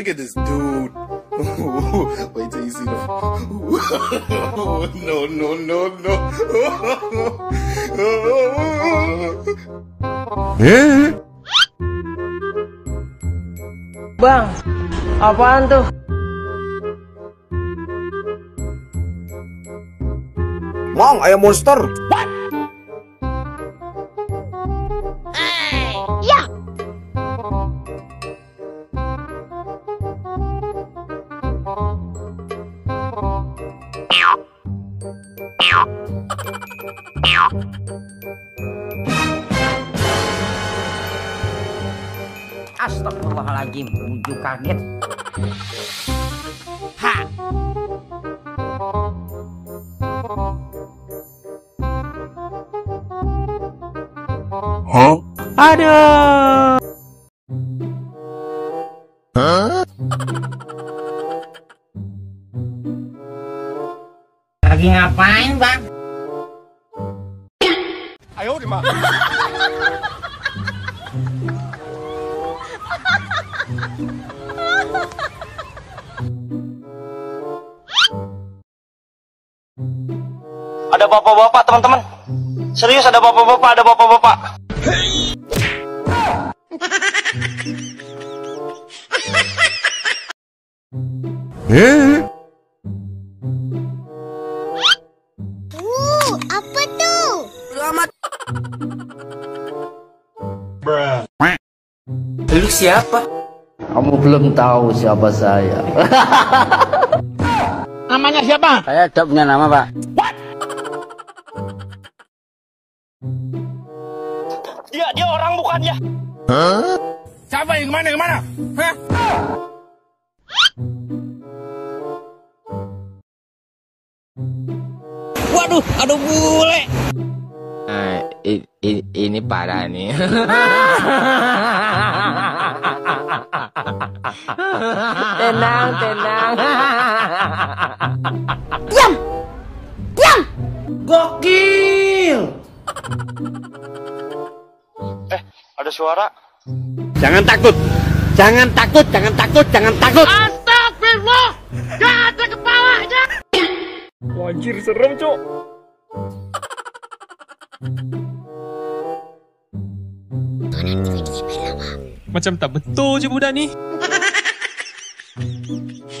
Look at this dude. Wait till you see the. no, no, no, no. Eh? Bang, apaan tuh? Bang, ayam monster. What? Astagfirullahaladzim, muncul kaget. Ha! Huh? Aduh! Hah? Lagi ngapain, Bang? Ada bapak bapak-bapak teman-teman. Serius ada bapak-bapak, ada bapak-bapak. Eh? Uh, apa tuh? Selamat Bruh. Lu siapa? Kamu belum tahu siapa saya. Namanya siapa? Saya tidak punya nama, Pak. What? Dia dia orang bukan ya? Huh? Siapa yang kemana kemana? Hah? Waduh, aduh bule. I, ini parah nih. tenang, tenang. Diam! Diam! Gokil! Eh, ada suara. Jangan takut. Jangan takut, jangan takut, jangan takut. Astagfirullah! Gak ada kepalanya. Wajir serem, Cok. Macam tak betul je budak ni.